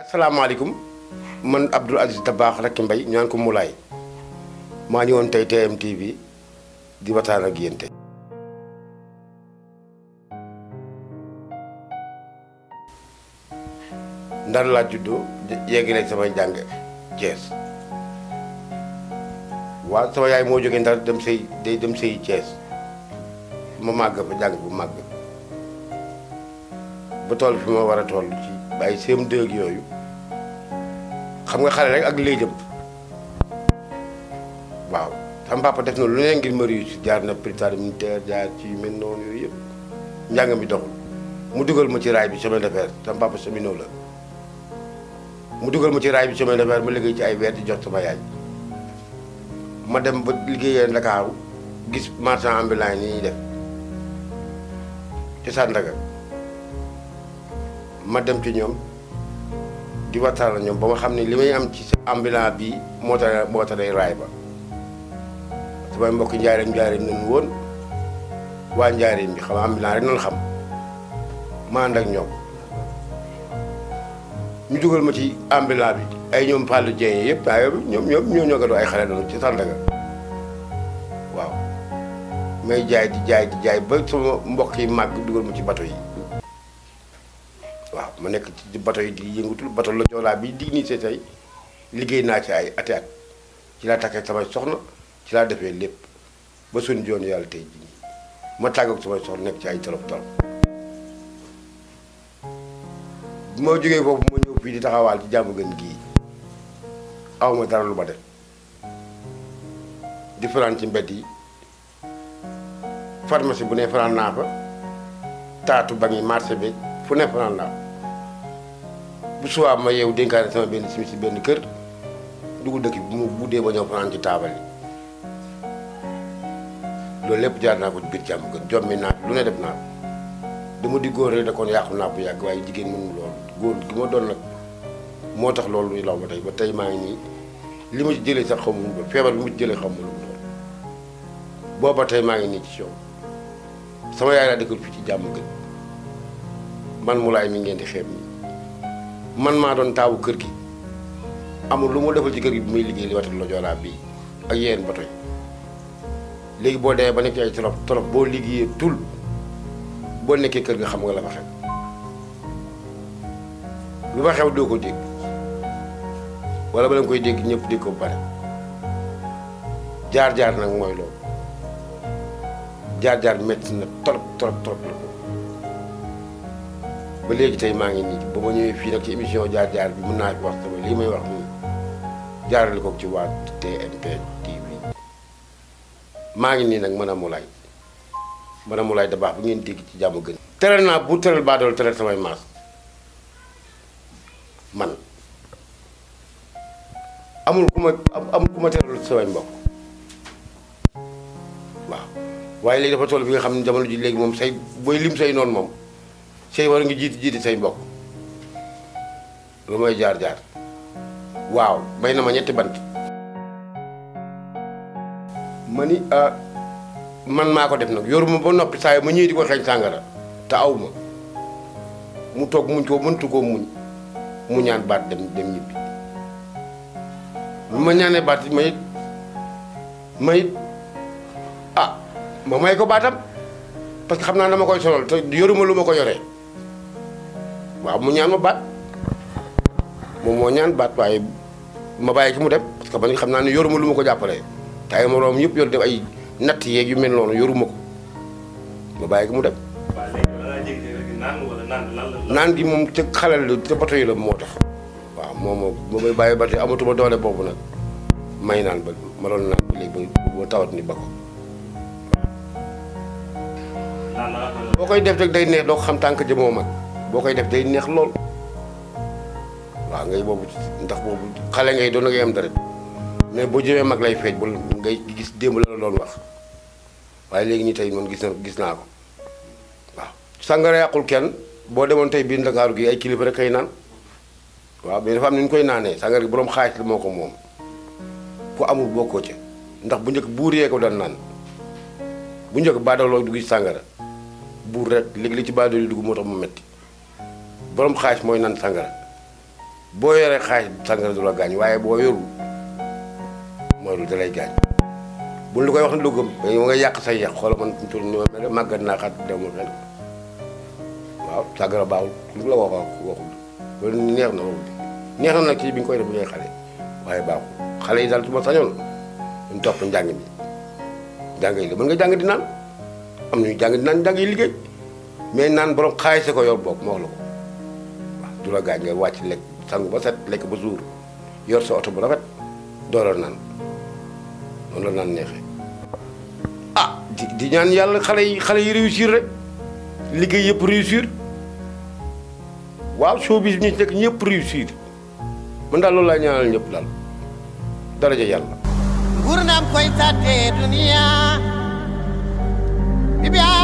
asalaamaaleykum man Abdoul Aziz Dabakh Racky Mbaye ñaan ko Moulay maa ñëwoon tey TMTV di waxtaan ak yéen tey. ndar laa juddoo yeggale sama njàng Thiès waaw sama yaay moo jógee ndar dem sëy day dem sëy Thiès ma màgg fa jàng bu màgg ba tool fi ma war a toll ay CM2 yooyu xam nga xale rek ak léejëm waaw sama papa def na lu ne ngir ma réussir jaar na prétoire militaire jaar ci yu mel noonu yooyu yëpp njàng mi doxul mu dugal ma ci raay bi chemin de fer sama papa cheminot la mu dugal ma ci raay bi chemin de fer ma liggéey ci ay weer di jox sama yaay ma dem ba liggéeyee Ndakaaru gis marchand ambulant yi ni ñuy def ci Sandaga ma dem ci ñoom di waxtaan ak ñoom ba ma xam ne li may am ci ambulance bi moo tax moo tax day raay ba samay mbokk njaareem njaareem nañu woon waa njaareem xam ambulance rek nañu xam ma ànd ak ñoom ñu dugal ma ci ambulance bi ay ñoom Fallou Dieng yëpp daa yóbbu ñoom ñoom ñoo ñoo ay xale noonu ci Sandaga waaw may jaay di jaay di jaay ba sama mbokk yi màgg dugal ma ci bato yi. waaw ma nekk ci bato yi di yëngutul bato la joolaa bi dignité tey liggéey naa ci ay ati at ci laa takkee samay soxna ci laa defee lépp ba suñ joon yàlla tey jii ma tàggoog samay soxna nekk ci ay torop torop bu ma jógee foofu ma ñëw fii di taxawaal ci jàmm gën gii aw ma dara lu ma def di fanaan ci mbedd yi pharmacie bu ne fanaan naa fa taatu ba ngi marché bi fu ne fanaan naa fa bu subaa ma yeewu dénkaane sama benn simis si benn kër dugg dëkk bi mu dee ba ñëw fanaan ci taabal yi loolu lépp jaar naa ko biir jàmm gën jommi naa lu ne def naa ko dama di góor rek da kon yàqu naa bu yàgg waaye jigéen mënu loolu góor du ma doon nag moo tax loolu luy law ba tey ba tey maa ngi nii li ma ci jëlee sax xamu ba feebar bi mu ci jëlee xamu lu mu doon booba tey maa ngi nii ci coow sama yaay laa dëkkal fii ci jàmm gën man mu laay mi ngeen di xeeb man maa doon taawu kër gi amul lu ma defal ci kër gi bi muy liggéey li watal la joolaa bii ak yéen ba toñ léegi boo dee ba nekk ay trop trop boo liggéeyee tul boo nekkee kër gi xam nga la fa xew lu fa xew doo ko dégg wala ba la koy dégg ñëpp dégg ko bare jaar-jaar nag mooy loolu jaar-jaar metti na trop trop trop ba léegi tey maa ngi nii ba ñëwee fii nag ci émission jaar-jaar bi mën naa fi wax sama lii may wax nii jaarale ko ci waa TMP TV maa ngi nii nag mën a mulaay mën a mulaay da baax bu ngeen dégg ci jàmm gën. teral naa bu teral baa dool teral samay maas man amul ku ma amul ku ma teralul samay mbokk waaw waaye léegi dafa toll bi nga xam ne jamono ji léegi moom say booy lim say noonu moom. sey war nga jiitu jiitu say mbokk lu mooy jaar jaar waaw may na ma ñetti bant ma ni ah, man maa ko def nag yoruma ba noppi saa ma ñëwee di ko xeeñ sàngara te mu toog muñ ko mëntu koo muñ mu ñaan baat dem dem ñibbi lu ma baat may may ah ma may ko baatam parce que xam naa dama koy solol te yoruma lu ko yoree waaw mu ñaan ma baat moom moo ñaan baat waaye ma bàyyi ki mu dem parce que man xam naa ne yoruma lu ma ko jàppalee te ay moroom yëpp yor def ay natt yeeg yu mel noonu yoruma ko ma bàyyi ko mu dem. naan gi moom ca xalal la ca bato yi la moo tax. waaw moom moom may bàyyi ba tey amatuma doole boobu nag may naan ba ma doon naan ba léegi ba tawat ni ba ko. boo koy def rek day ne doo xam tànk jëmoo mag. boo koy def de neex lool waaw ngay boobu ndax boobu xale ngay doon ngay am dara mais boo jëmee mag lay feeñ ba ngay gis démb la doon wax waaye léegi nii tey man gis gis naa ko waaw sàngara yàqul kenn boo demoon tey biir Ndakaaru gi ay kilifa rek kay naan waaw mais dafa am ni ñu koy naanee sàngara gi boroom xaalis la moo ko moom ku amul bokkoo ca ndax bu njëkk buur yee ko daan naan bu njëkk baadaloo dugg sàngara buur rek léegi la ci baadaloo dugg moo tax metti borom xaalis mooy nan sangara boo yoree xaalis sangara du la gaañ waaye boo yorul mooy lu dalay gaañ buñ lu koy wax ne lu gëm dañu nga yàq say yàq xoola man fi mu màggat naa xat demul fen waaw sangara baaxul lu neex na waxul neex na nag ci bi nga koy def bu ñuy xale waaye baaxul xale yi daal su ma sañoon duñ topp njàng mi njàng yi la mën nga jàng di naan am nañu jàng di naan jàng yi liggéey mais naan borom xaalis ko yow bokk ma wax la ko du la gaañ nga wàcc lekk sangu ba set lekk ba suur yor sa oto bu rafet dooleel naan noonu la naan neexee ah di di ñaan yàlla xale yi xale yi réussir rek liggéey yëpp réussir waaw showbiz bi ñu ci nekk ñëpp réussir man daal loolu laa ñaanal ñëpp daal daraja yàlla. nguur naam koy tàddee duniya.